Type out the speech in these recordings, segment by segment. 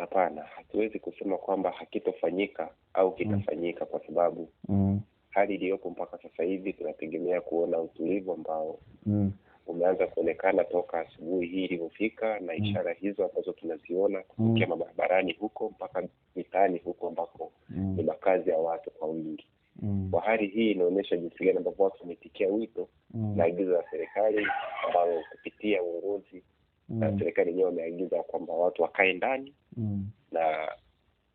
Hapana, hatuwezi kusema kwamba hakitofanyika au mm. kitafanyika mm. kwa sababu mm. hali iliyopo mpaka sasa hivi tunategemea kuona utulivu ambao mm. umeanza kuonekana toka asubuhi hii ilivyofika na mm. ishara hizo ambazo tunaziona kutokea mm. mabarabarani huko mpaka mitaani huko ambako mm. ni makazi ya watu kwa wingi mm. kwa hali hii inaonyesha jinsi gani ambavyo watu wametikia wito mm. na agizo la serikali ambayo kupitia uongozi mm. serikali yenyewe wameagiza kwamba watu wakae ndani mm. na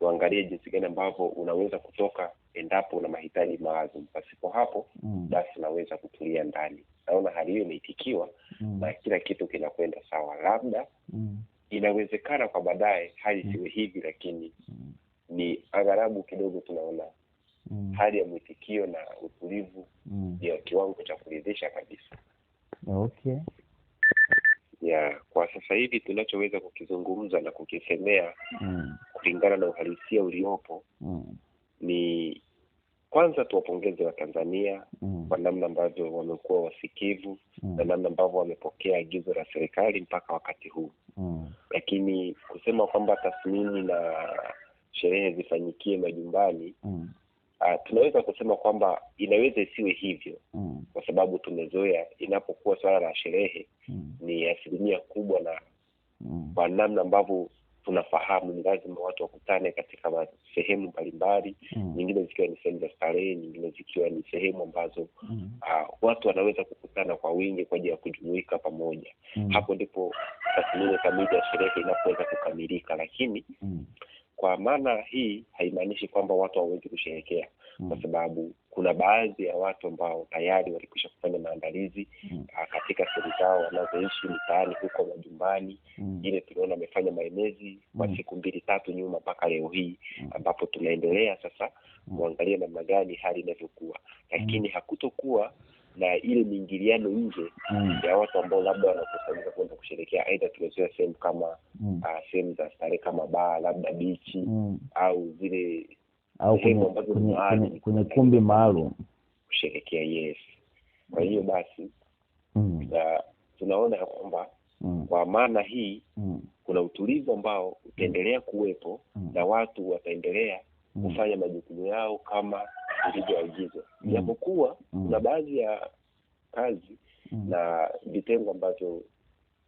uangalie jinsi gani ambavyo unaweza kutoka endapo una mahitaji maalum. Pasipo hapo mm. basi unaweza kutulia ndani. Naona hali hiyo imeitikiwa mm. na kila kitu kinakwenda sawa, labda mm. inawezekana kwa baadaye hali siwe mm. hivi, lakini mm. ni agharabu kidogo tunaona mm. hali ya mwitikio na utulivu mm. ya kiwango cha kuridhisha kabisa. Okay ya Kwa sasa hivi tunachoweza kukizungumza na kukisemea mm. kulingana na uhalisia uliopo mm. ni kwanza tuwapongeze Watanzania mm. kwa namna ambavyo wamekuwa wasikivu mm. na namna ambavyo wamepokea agizo la serikali mpaka wakati huu mm. Lakini kusema kwamba tathmini na sherehe zifanyikie majumbani mm uh, tunaweza kusema kwamba inaweza isiwe hivyo mm. kwa sababu tumezoea inapokuwa swala la sherehe mm. ni asilimia kubwa na mm. kwa namna ambavyo tunafahamu ni lazima watu wakutane katika sehemu mbalimbali mm. nyingine zikiwa ni sehemu za starehe nyingine zikiwa ni sehemu ambazo mm. uh, watu wanaweza kukutana kwa wingi kwa ajili ya kujumuika pamoja mm. hapo ndipo tathmini kamili ya sherehe inapoweza kukamilika lakini mm. Kwa maana hii haimaanishi kwamba watu hawawezi kusherekea mm. kwa sababu kuna baadhi ya watu ambao tayari walikwisha kufanya maandalizi mm. Ah, katika seri zao wanazoishi mtaani huko majumbani. Wengine mm. tunaona wamefanya maenezi kwa mm. siku mbili tatu nyuma mpaka leo hii mm. ambapo tunaendelea sasa mm. kuangalia namna gani hali inavyokuwa, mm. lakini hakutokuwa na ile miingiliano nje mm. ya watu ambao labda wanakusanyika kwenda kusherekea aidha tumeziwa sehemu kama mm. uh, sehemu za starehe kama baa labda bichi mm. au zile au kwenye, kwenye, kwenye, kwenye kumbi maalum kusherekea yes kwa hiyo basi mm. uh, tunaona ya kwamba mm. kwa maana hii mm. kuna utulivu ambao utaendelea kuwepo mm. na watu wataendelea mm. kufanya majukumu yao kama vilivyoagizwa, mm. japokuwa mm. kuna baadhi ya kazi mm. na vitengo ambavyo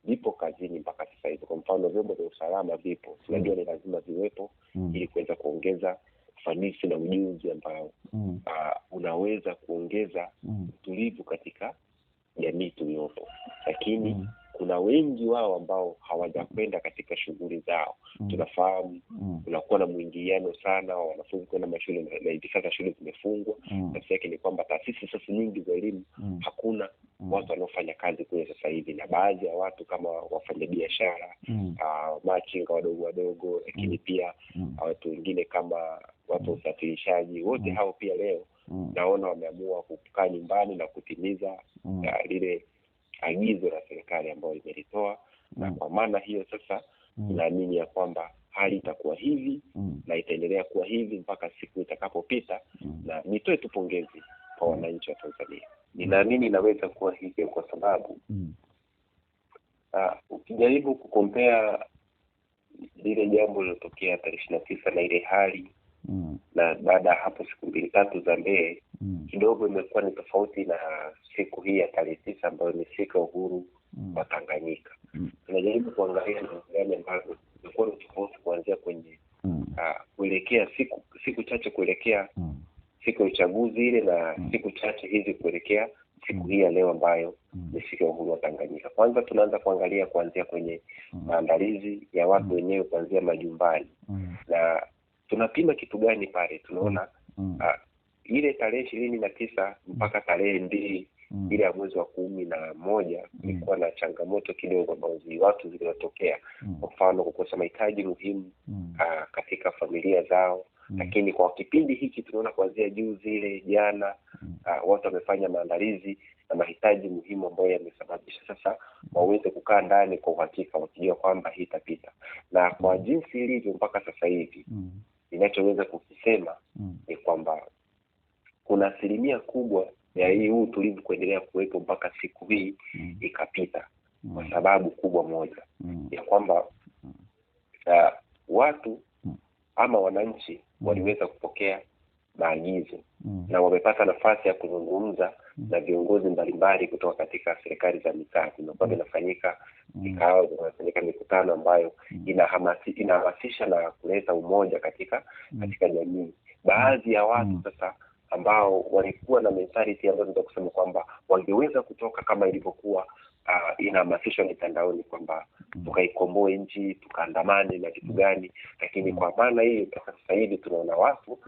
vipo kazini mpaka sasa hivi. Kwa mfano, vyombo vya usalama vipo, mm. tunajua ni lazima viwepo mm. ili kuweza kuongeza ufanisi na ujuzi ambao mm. uh, unaweza kuongeza mm. utulivu mm. katika jamii tuliyopo, lakini mm kuna wengi wao ambao hawajakwenda katika shughuli zao mm. tunafahamu mm. unakuwa na mwingiliano sana wa wanafunzi kwenda mashule na hivi sasa shule zimefungwa mm. nafsi yake ni kwamba taasisi sasa nyingi za elimu mm. hakuna mm. watu wanaofanya kazi kule sasa hivi na baadhi ya watu kama wafanyabiashara mm. uh, machinga wadogo wadogo lakini mm. pia mm. Ah, watu wengine kama watu wa mm. usafirishaji wote mm. hao pia leo mm. naona wameamua kukaa nyumbani na kutimiza mm. uh, lile agizo la serikali ambayo imelitoa na mm. kwa maana hiyo sasa mm. tunaamini mm. ya kwamba hali itakuwa hivi mm. na itaendelea kuwa hivi mpaka siku itakapopita mm. na nitoe tu pongezi kwa mm. wananchi wa Tanzania. Ninaamini inaweza kuwa hivyo kwa sababu mm. uh, ukijaribu kukompea lile jambo lilotokea tarehe ishiri na tisa na ile hali Mm. na baada ya hapo siku mbili tatu za mbele mm. kidogo imekuwa ni tofauti na siku hii ya tarehe tisa ambayo ni siku ya uhuru mm. wa Tanganyika. Mm. Tunajaribu mm. kuangalia nagani gani ambavyo imekuwa ni tofauti kuanzia kwenye mm. uh, kuelekea siku siku chache kuelekea mm. siku ya uchaguzi ile na mm. siku chache hizi kuelekea siku mm. hii ya leo ambayo mm. ni siku ya uhuru wa Tanganyika. Kwanza tunaanza kuangalia kuanzia kwenye maandalizi mm. ya watu wenyewe kuanzia majumbani mm. na tunapima kitu gani pale tunaona mm. uh, ile tarehe ishirini na tisa mpaka mm. tarehe mbili mm. ile ya mwezi wa kumi na moja mm. ilikuwa mm. na changamoto kidogo ambazo watu zilizotokea kwa mm. mfano kukosa mahitaji muhimu mm. uh, katika familia zao mm. lakini kwa kipindi hiki tunaona kuanzia juu zile jana mm. uh, watu wamefanya maandalizi na mahitaji muhimu ambayo yamesababisha sasa waweze kukaa ndani kwa uhakika wakijua kwamba hii itapita na kwa jinsi ilivyo mpaka sasa hivi mm ninachoweza kukisema mm. ni kwamba kuna asilimia kubwa ya hii huu tulivu kuendelea kuwepo mpaka siku hii mm. ikapita mm. kwa sababu kubwa moja mm. ya kwamba mm. uh, watu mm. ama wananchi mm. waliweza kupokea maagizo mm. na wamepata nafasi ya kuzungumza mm. na viongozi mbalimbali kutoka katika serikali za mitaa. Vimekuwa vinafanyika mm. vikao, mm. vinafanyika mikutano ambayo mm. inahamasi, inahamasisha na kuleta umoja katika katika jamii. Baadhi ya watu sasa ambao walikuwa na mentality ambazo za kusema kwamba wangeweza kutoka kama ilivyokuwa uh, inahamasishwa mitandaoni kwamba mm. tukaikomboe nchi tukaandamane na kitu mm. gani, lakini mm. kwa maana hiyo mpaka sasa hivi tunaona watu uh,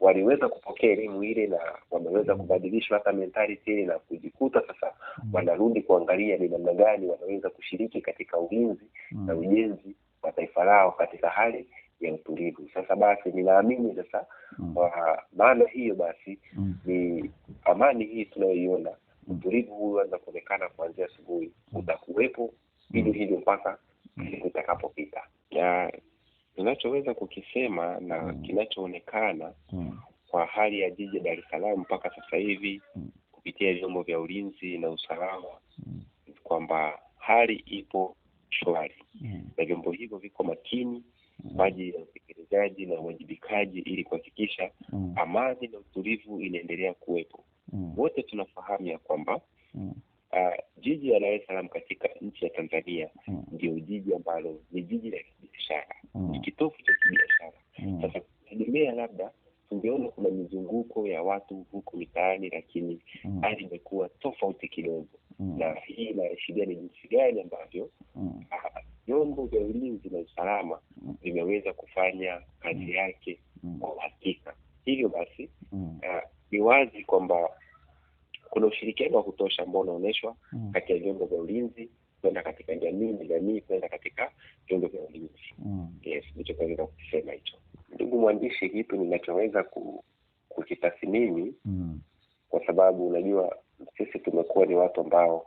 waliweza kupokea elimu ile na wameweza kubadilishwa hata mentality ile na kujikuta sasa wanarudi kuangalia ni namna gani wanaweza kushiriki katika ulinzi na ujenzi wa taifa lao katika hali ya utulivu. Sasa basi ninaamini sasa kwa maana hiyo basi ni amani hii tunayoiona mtulivu huyu anza kuonekana kuanzia asubuhi, utakuwepo hivyo hivyo mpaka siku itakapopita. tunachoweza kukisema na hmm. kinachoonekana hmm. kwa hali ya jiji Dar es Salaam mpaka sasa hivi hmm. kupitia vyombo vya ulinzi na usalama kwamba hali ipo shwari na vyombo hivyo viko makini kwa ajili ya utekelezaji na uwajibikaji ili kuhakikisha amani na utulivu inaendelea kuwepo mm. wote tunafahamu ya kwamba mm. uh, jiji la Dar es Salaam katika nchi ya Tanzania mm. ndio jiji ambalo ni jiji la kibiashara mm. ni kitofu cha kibiashara mm. Sasa tegemea labda tungeona kuna mizunguko ya watu huko mitaani, lakini mm. hali mm. imekuwa tofauti kidogo mm. na hii inaashiria ni jinsi gani ambavyo mm. Ah, vyombo mm. vya ulinzi na usalama mm. vimeweza kufanya kazi yake mm. kwa uhakika. Hivyo basi ah, ni mm. uh, wazi kwamba kuna ushirikiano wa kutosha ambao unaonyeshwa mm. kati ya vyombo vya ulinzi kwenda katika jamii na jamii kwenda katika vyombo vya ulinzi mm. Yes, ndicho naweza kukisema hicho, ndugu mwandishi. Kitu ninachoweza ku, mm. kwa sababu unajua sisi tumekuwa ni watu ambao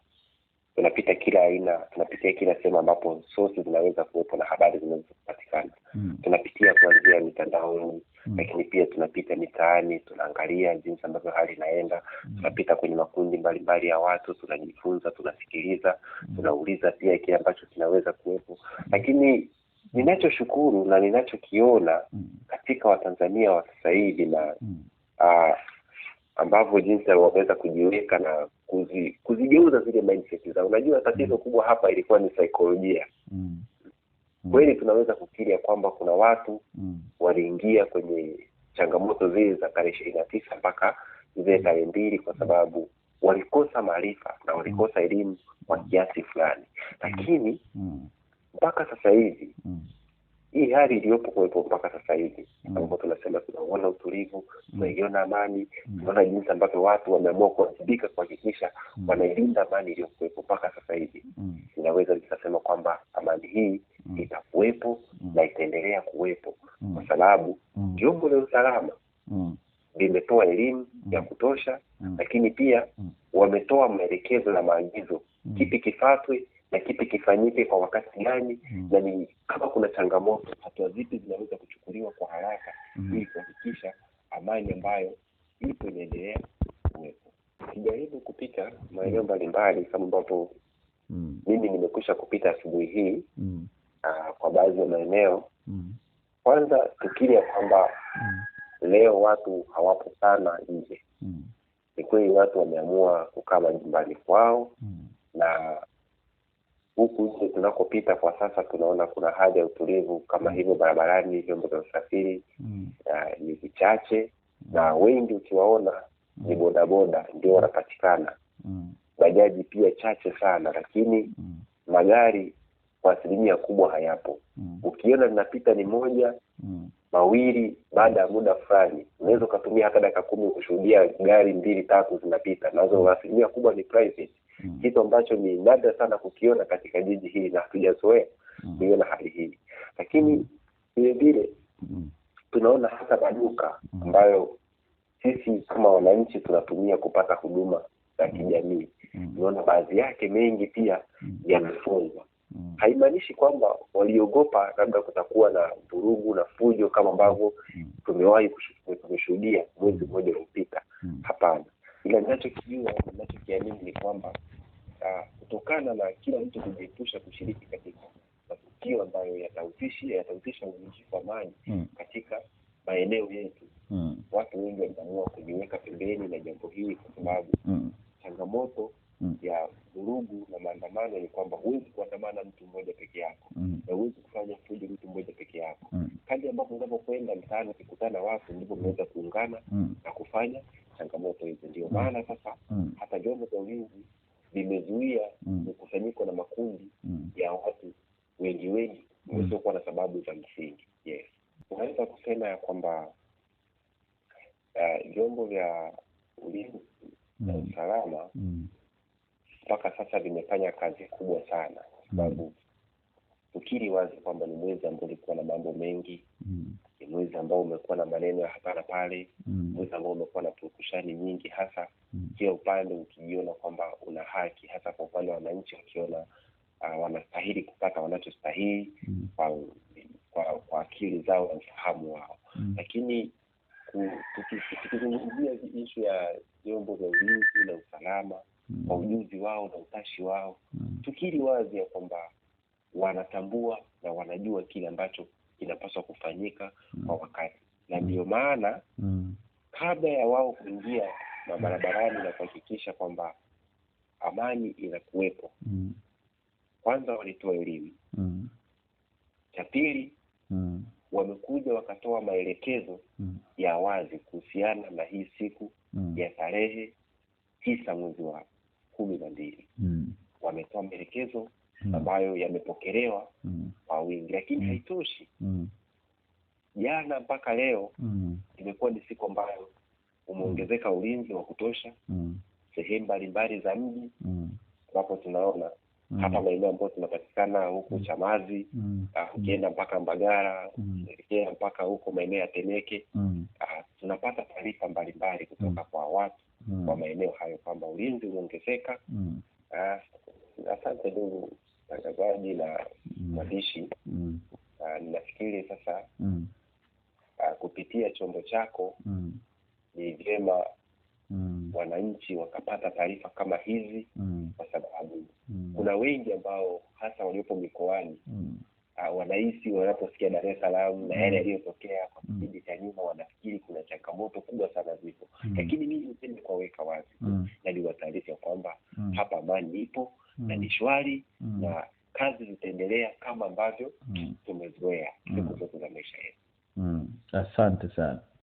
tunapita kila aina, tunapitia kila sehemu ambapo sosi zinaweza kuwepo na habari zinazopatikana mm. tunapitia kuanzia mitandaoni mm. Lakini pia tunapita mitaani, tunaangalia jinsi ambavyo hali inaenda mm. Tunapita kwenye makundi mbalimbali ya watu, tunajifunza, tunasikiliza mm. Tunauliza pia kile ambacho kinaweza kuwepo mm. Lakini ninachoshukuru na ninachokiona mm. katika Watanzania wa sasa hivi na mm. Ah, ambavyo jinsi wameweza kujiweka na kuzi, kuzigeuza zile mindset zao. Unajua, tatizo mm. kubwa hapa ilikuwa ni saikolojia mm. mm. Kweli tunaweza kufikiria kwamba kuna watu mm waliingia kwenye changamoto zile za tarehe ishirini na tisa mpaka zile tarehe mbili kwa sababu walikosa maarifa na walikosa elimu kwa kiasi fulani, mm. lakini mm. mpaka sasa hivi mm hii hali iliyopo kuwepo mpaka sasa hivi mm. ambapo tunasema tunauona utulivu mm. tunaiona mm. amani tunaona jinsi ambavyo watu wameamua kuwajibika kuhakikisha mm. wanailinda amani iliyokuwepo mpaka sasa hivi mm. inaweza nikasema kwamba amani hii mm. itakuwepo mm. na itaendelea kuwepo mm. kwa sababu mm. vyombo mm. vya usalama mm. elimu mm. ya kutosha mm. lakini pia mm. wametoa maelekezo na maagizo mm. kipi kifatwe na kipi kifanyike kwa wakati gani mm. na ni kama kuna changamoto hatua zipi zinaweza kuchukuliwa kwa haraka mm. ili kuhakikisha amani ambayo ipo inaendelea kuwepo kijaribu kupita maeneo mm. mbalimbali kama ambavyo mm. mimi nimekwisha kupita asubuhi hii mm. uh, kwa baadhi ya maeneo mm. kwanza tukili ya kwamba mm. leo watu hawapo sana nje mm. ni kweli watu wameamua kukaa majumbani kwao mm. na huku nje tunakopita kwa sasa tunaona kuna hali ya utulivu kama mm. hivyo barabarani, vyombo vya usafiri mm. uh, ni vichache mm. na wengi ukiwaona mm. ni bodaboda ndio wanapatikana mm. bajaji pia chache sana, lakini mm. magari kwa asilimia kubwa hayapo mm. ukiona linapita ni moja mm. mawili, baada ya muda fulani unaweza ukatumia hata dakika kumi kushuhudia gari mbili tatu zinapita nazo, mm. asilimia kubwa ni private mm. kitu ambacho ni nadra sana kukiona katika jiji hili na hatujazoea mm. kuiona hali hii, lakini vilevile mm. mm. tunaona hata maduka mm. ambayo sisi kama wananchi tunatumia kupata huduma za mm. kijamii mm. baadhi yake mengi pia mm. yamefungwa. hmm. Haimaanishi kwamba waliogopa labda kutakuwa na vurugu na fujo kama ambavyo hmm. tumewahi tumeshuhudia mwezi mmoja uliopita. hmm. Hapana, Kile inachokijua inachokiamini ni kwamba ah, kutokana na kila mtu kujiepusha kushiriki katika matukio ambayo yatahusisha yatahusisha uvunjifu wa amani mm. katika maeneo yetu mm. watu wengi waliamua kujiweka pembeni na jambo hili kwa sababu mm. changamoto ya vurugu na maandamano ni kwamba huwezi kuandamana mtu mmoja peke yako na huwezi kufanya fujo mtu mmoja peke yako mm. kadi ambapo unavyokwenda mtaani ukikutana watu ndivyo unaweza kuungana na kufanya changamoto hizi. Ndio mm. maana sasa mm. hata vyombo vya ulinzi vimezuia mm. na makundi mm. ya watu wengi wengi wasiokuwa na sababu za msingi. Yes, unaweza kusema ya kwamba eh, vyombo uh, vya ulinzi na usalama mpaka sasa vimefanya kazi kubwa sana, kwa sababu ukiri wazi kwamba ni mwezi ambao ulikuwa na mambo mengi mm ni mwezi ambao umekuwa na maneno ya hapa na pale mm. mwezi ambao umekuwa na purukushani nyingi, hasa mm. kila upande ukijiona kwamba una haki, hasa kwa upande wa wananchi wakiona uh, wanastahili kupata wanachostahili mm. kwa, kwa kwa akili zao na ufahamu wao mm. lakini tukizungumzia ishu ya vyombo vya ulinzi na usalama mm. kwa ujuzi wao na utashi wao mm. tukili wazi ya kwamba wanatambua na wanajua kile ambacho inapaswa kufanyika mm. kwa wakati na mm. ndiyo maana mm. kabla ya wao kuingia mabarabarani na kuhakikisha kwamba amani inakuwepo mm. kwanza walitoa elimu mm. cha pili mm. wamekuja wakatoa maelekezo mm. ya wazi kuhusiana na hii siku mm. ya tarehe tisa mwezi wa kumi na mbili mm. wametoa maelekezo mm. ambayo yamepokelewa mm. kwa wingi, lakini mm. haitoshi. mm. Jana mpaka leo mm. imekuwa ni siku ambayo umeongezeka mm. ulinzi wa kutosha mm. sehemu mbalimbali za mji mm. ambapo mm. tunaona mm. hata maeneo ambayo tunapatikana huku mm. Chamazi mm. uh, ukienda mpaka Mbagara ukielekea mm. mpaka huko maeneo ya Temeke mm. uh, tunapata taarifa mbalimbali kutoka mm. kwa watu mm. kwa maeneo hayo kwamba ulinzi umeongezeka. mm. uh, asante ndugu watangazaji na mm. mwandishi mm. mm. ninafikiri sasa mm. a, ah, kupitia chombo chako mm. vyema mm. wananchi wakapata taarifa kama hizi mm. kwa sababu mm. kuna wengi ambao hasa waliopo mikoani mm. Ah, wanahisi wanaposikia Dar es Salaam na mm. yale yaliyotokea kwa mm. kipindi cha nyuma, wanafikiri kuna changamoto kubwa sana zipo mm. lakini mii nipende kuwaweka wazi mm. na niwataarifa kwamba mm. hapa amani ipo mm. na ni shwari mm. na kazi zitaendelea kama ambavyo mm. tumezoea siku mm. zote za maisha yetu. Mm. Asante sana.